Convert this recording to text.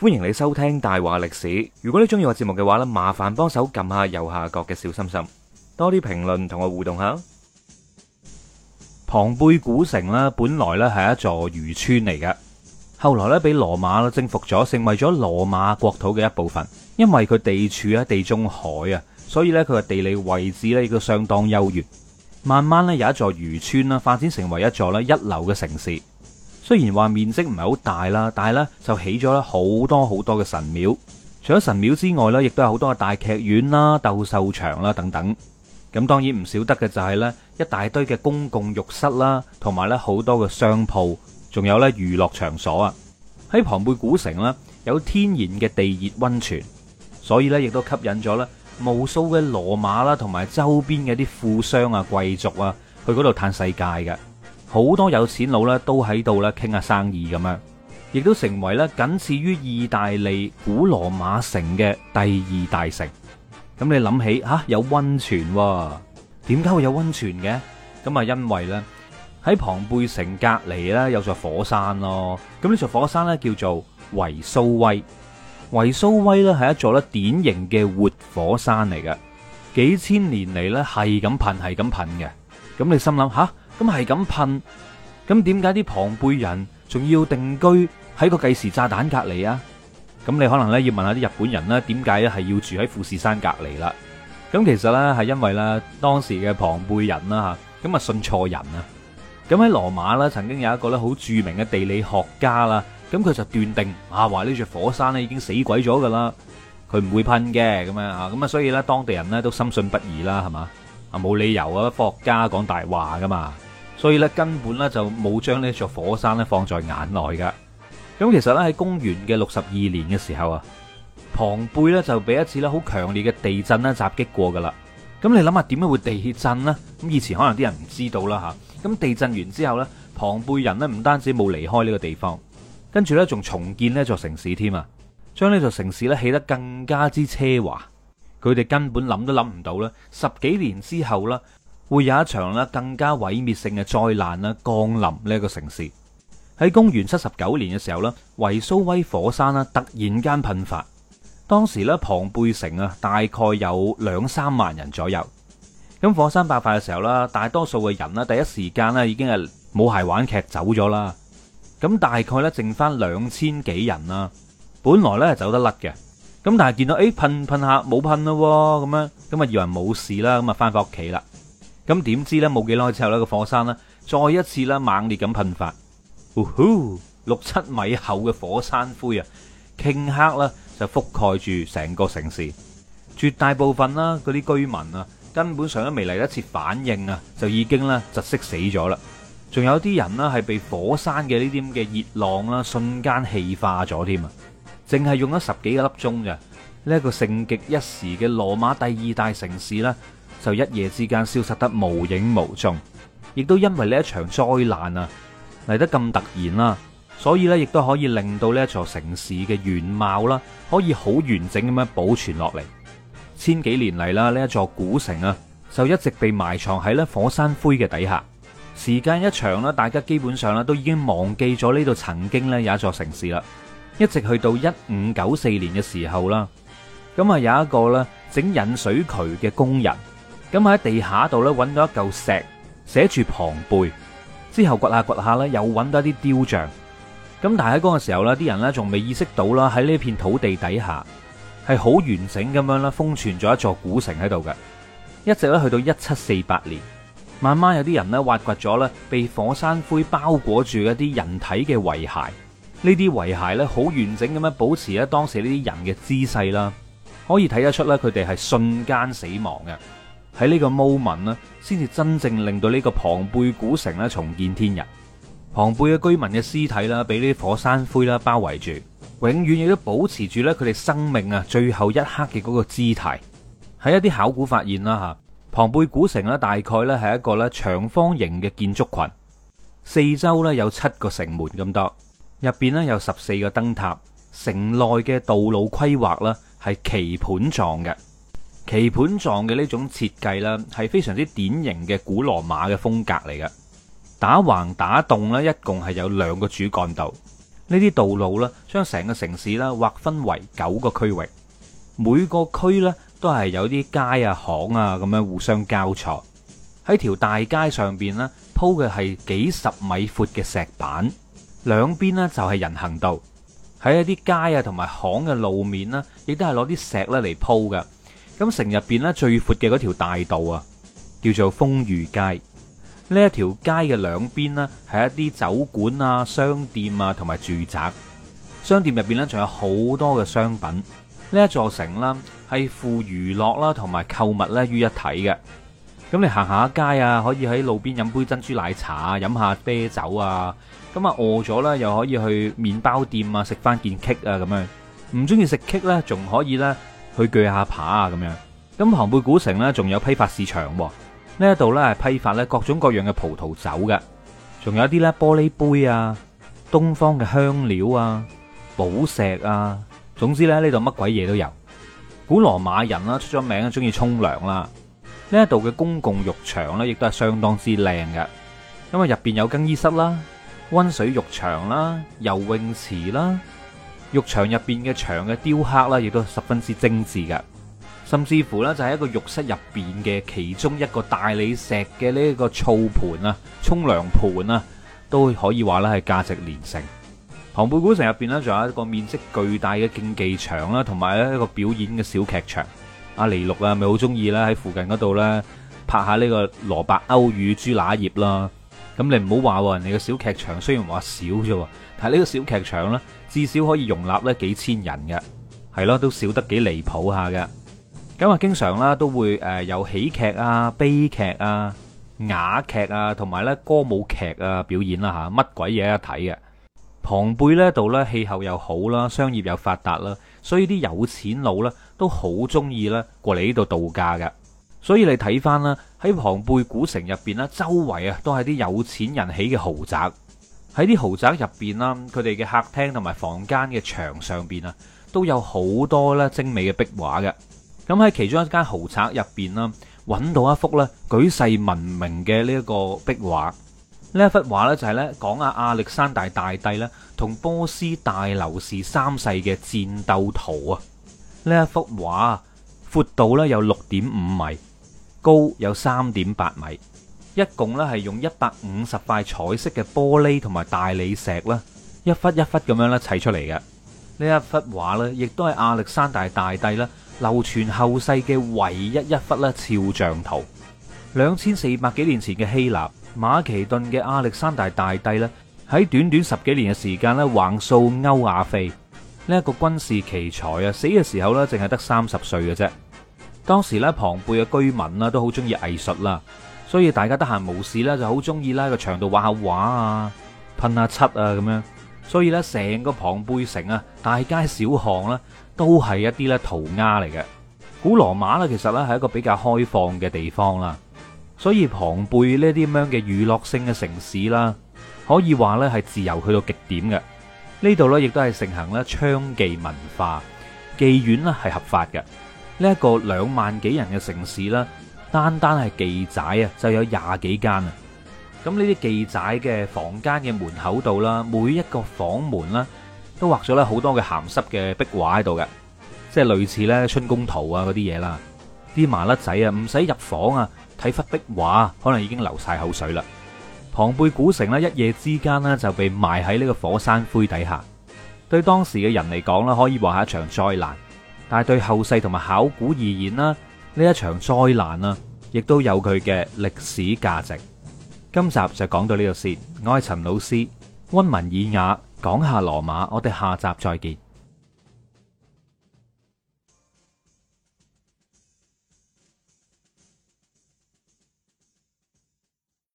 歡迎你收聽大話歷史。如果你中意我節目嘅話咧，麻煩幫手撳下右下角嘅小心心，多啲評論同我互動下。龐貝古城呢，本來咧係一座漁村嚟嘅，後來咧俾羅馬啦征服咗，成為咗羅馬國土嘅一部分。因為佢地處喺地中海啊，所以咧佢嘅地理位置咧亦都相當優越。慢慢咧有一座漁村啦，發展成為一座咧一流嘅城市。雖然話面積唔係好大啦，但係呢就起咗咧好多好多嘅神廟。除咗神廟之外呢，亦都有好多嘅大劇院啦、鬥獸場啦等等。咁當然唔少得嘅就係呢一大堆嘅公共浴室啦，同埋呢好多嘅商鋪，仲有呢娛樂場所啊。喺龐貝古城咧有天然嘅地熱溫泉，所以呢亦都吸引咗呢無數嘅羅馬啦同埋周邊嘅啲富商啊、貴族啊去嗰度嘆世界嘅。好多有錢佬咧都喺度咧傾下生意咁樣，亦都成為咧僅次於意大利古羅馬城嘅第二大城。咁你諗起嚇有温泉，點解會有温泉嘅？咁啊，啊為因為呢，喺龐貝城隔離咧有座火山咯。咁呢座火山咧叫做維蘇威。維蘇威咧係一座咧典型嘅活火山嚟嘅，幾千年嚟咧係咁噴係咁噴嘅。咁你心諗嚇？啊咁係咁噴，咁點解啲龐貝人仲要定居喺個計時炸彈隔離啊？咁你可能咧要問下啲日本人啦，點解咧係要住喺富士山隔離啦？咁其實呢，係因為咧當時嘅龐貝人啦嚇，咁啊信錯人啊。咁喺羅馬咧，曾經有一個咧好著名嘅地理學家啦，咁佢就斷定啊話呢隻火山咧已經死鬼咗噶啦，佢唔會噴嘅咁樣啊，咁啊所以咧當地人呢都深信不疑啦，係嘛啊冇理由啊，科學家講大話噶嘛。所以咧，根本咧就冇將呢座火山咧放在眼內噶。咁其實咧喺公元嘅六十二年嘅時候啊，龐貝咧就俾一次咧好強烈嘅地震咧襲擊過噶啦。咁你諗下點樣會地震呢？咁以前可能啲人唔知道啦吓。咁地震完之後咧，龐貝人咧唔單止冇離開呢個地方，跟住咧仲重建呢座城市添啊，將呢座城市咧起得更加之奢華。佢哋根本諗都諗唔到啦，十幾年之後啦。會有一場啦，更加毀滅性嘅災難啦，降臨呢一個城市。喺公元七十九年嘅時候啦，維蘇威火山啦突然間噴發。當時咧龐貝城啊，大概有兩三萬人左右。咁火山爆發嘅時候啦，大多數嘅人啦，第一時間咧已經係冇鞋玩劇走咗啦。咁大概咧剩返兩千幾人啦。本來咧走得甩嘅，咁但係見到誒噴噴下冇噴咯，咁樣咁啊，以為冇事啦，咁啊返返屋企啦。咁點知呢？冇幾耐之後呢個火山呢再一次呢猛烈咁噴發，嗚呼，呼，六七米厚嘅火山灰啊，頃刻呢就覆蓋住成個城市，絕大部分啦嗰啲居民啊，根本上都未嚟得切反應啊，就已經呢窒息死咗啦。仲有啲人呢，係被火山嘅呢啲咁嘅熱浪啦，瞬間氣化咗添啊！淨係用咗十幾個粒鐘咋？呢、這、一個盛極一時嘅羅馬第二大城市咧就一夜之間消失得無影無蹤，亦都因為呢一場災難啊嚟得咁突然啦，所以呢，亦都可以令到呢一座城市嘅原貌啦，可以好完整咁樣保存落嚟。千幾年嚟啦，呢一座古城啊，就一直被埋藏喺呢火山灰嘅底下。時間一長啦，大家基本上啦都已經忘記咗呢度曾經呢有一座城市啦。一直去到一五九四年嘅時候啦，咁啊有一個咧整引水渠嘅工人。咁喺地下度揾到一嚿石，寫住龐貝，之後，掘下掘下咧，又揾到一啲雕像。咁但係喺嗰個時候咧，啲人咧仲未意識到啦，喺呢片土地底下係好完整咁樣啦，封存咗一座古城喺度嘅。一直咧去到一七四八年，慢慢有啲人咧挖掘咗咧，被火山灰包裹住一啲人體嘅遺骸。呢啲遺骸咧好完整咁樣保持咧當時呢啲人嘅姿勢啦，可以睇得出咧佢哋係瞬間死亡嘅。喺呢個 moment 啦，先至真正令到呢個龐貝古城咧重見天日。龐貝嘅居民嘅屍體啦，俾呢啲火山灰啦包圍住，永遠亦都保持住咧佢哋生命啊最後一刻嘅嗰個姿態。喺一啲考古發現啦，嚇龐貝古城咧大概咧係一個咧長方形嘅建築群，四周咧有七個城門咁多，入邊咧有十四個燈塔，城內嘅道路規劃咧係棋盤狀嘅。棋盤狀嘅呢種設計呢，係非常之典型嘅古羅馬嘅風格嚟嘅。打橫打洞呢，一共係有兩個主幹道。呢啲道路呢，將成個城市呢劃分為九個區域。每個區呢，都係有啲街啊巷啊咁樣互相交錯。喺條大街上邊呢，鋪嘅係幾十米闊嘅石板，兩邊呢就係人行道。喺一啲街啊同埋巷嘅路面呢，亦都係攞啲石咧嚟鋪嘅。咁城入邊咧最闊嘅嗰條大道啊，叫做風雨街。呢一條街嘅兩邊呢，係一啲酒館啊、商店啊同埋住宅。商店入邊呢，仲有好多嘅商品。呢一座城啦係富娛樂啦同埋購物咧、啊、於一體嘅。咁你行下街啊，可以喺路邊飲杯珍珠奶茶、啊，飲下啤酒啊。咁啊餓咗啦，又可以去麵包店啊食翻件棘啊咁樣。唔中意食棘 a 咧，仲可以咧。去鋸下扒啊咁樣，咁龐貝古城呢，仲有批發市場，呢一度呢，係批發呢各種各樣嘅葡萄酒嘅，仲有啲呢，玻璃杯啊、東方嘅香料啊、寶石啊，總之呢，呢度乜鬼嘢都有。古羅馬人啦出咗名，中意沖涼啦，呢一度嘅公共浴場呢，亦都係相當之靚嘅，因為入邊有更衣室啦、溫水浴場啦、游泳池啦。浴場入邊嘅牆嘅雕刻啦，亦都十分之精緻噶。甚至乎呢，就係一個浴室入邊嘅其中一個大理石嘅呢一個醋盤澡盤啊，沖涼盤啊，都可以話呢係價值連城。龐貝古城入邊呢，仲有一個面積巨大嘅競技場啦，同埋呢一個表演嘅小劇場。阿尼祿啊，咪好中意呢喺附近嗰度呢拍下呢個羅伯歐與豬乸葉啦。咁你唔好話人哋嘅小劇場，雖然話少啫。係呢個小劇場咧，至少可以容納咧幾千人嘅，係咯，都少得幾離譜下嘅。咁、嗯、啊，經常啦都會誒有喜劇啊、悲劇啊、啞劇啊，同埋咧歌舞劇啊表演啦、啊、嚇，乜鬼嘢一睇嘅。龐貝咧度咧氣候又好啦，商業又發達啦，所以啲有錢佬咧都好中意啦過嚟呢度度假嘅。所以你睇翻啦，喺龐貝古城入邊啦，周圍啊都係啲有錢人起嘅豪宅。喺啲豪宅入邊啦，佢哋嘅客廳同埋房間嘅牆上邊啊，都有好多咧精美嘅壁畫嘅。咁喺其中一間豪宅入邊啦，揾到一幅咧舉世聞名嘅呢一個壁畫。呢一幅畫咧就係咧講阿亞歷山大大帝咧同波斯大流士三世嘅戰鬥圖啊。呢一幅畫啊，闊度咧有六點五米，高有三點八米。一共咧係用一百五十塊彩色嘅玻璃同埋大理石啦，一忽一忽咁樣咧砌出嚟嘅。呢一幅畫呢，亦都係亞歷山大大帝啦流傳後世嘅唯一一忽咧肖像圖。兩千四百幾年前嘅希臘馬其頓嘅亞歷山大大帝呢喺短短十幾年嘅時間咧橫掃歐亞非呢一個軍事奇才啊，死嘅時候呢，淨係得三十歲嘅啫。當時呢，龐貝嘅居民啦都好中意藝術啦。所以大家得閒無事咧，就好中意啦個牆度畫下畫啊，噴下漆啊咁樣。所以呢，成個龐貝城啊，大街小巷呢，都係一啲咧塗鴉嚟嘅。古羅馬呢，其實呢係一個比較開放嘅地方啦。所以龐貝呢啲咁樣嘅娛樂性嘅城市啦，可以話呢係自由去到極點嘅。呢度呢，亦都係盛行咧娼妓文化，妓院呢係合法嘅。呢、這、一個兩萬幾人嘅城市啦。單單係妓寨啊，就有廿幾間啊！咁呢啲妓寨嘅房間嘅門口度啦，每一個房門啦，都畫咗咧好多嘅鹹濕嘅壁畫喺度嘅，即係類似咧春宮圖啊嗰啲嘢啦。啲麻甩仔啊，唔使入房啊，睇忽壁畫，可能已經流晒口水啦！龐貝古城呢，一夜之間呢就被埋喺呢個火山灰底下，對當時嘅人嚟講啦，可以話係一場災難，但係對後世同埋考古而言啦。呢一場災難啊，亦都有佢嘅歷史價值。今集就講到呢度先，我係陳老師，溫文爾雅，講下羅馬，我哋下集再見。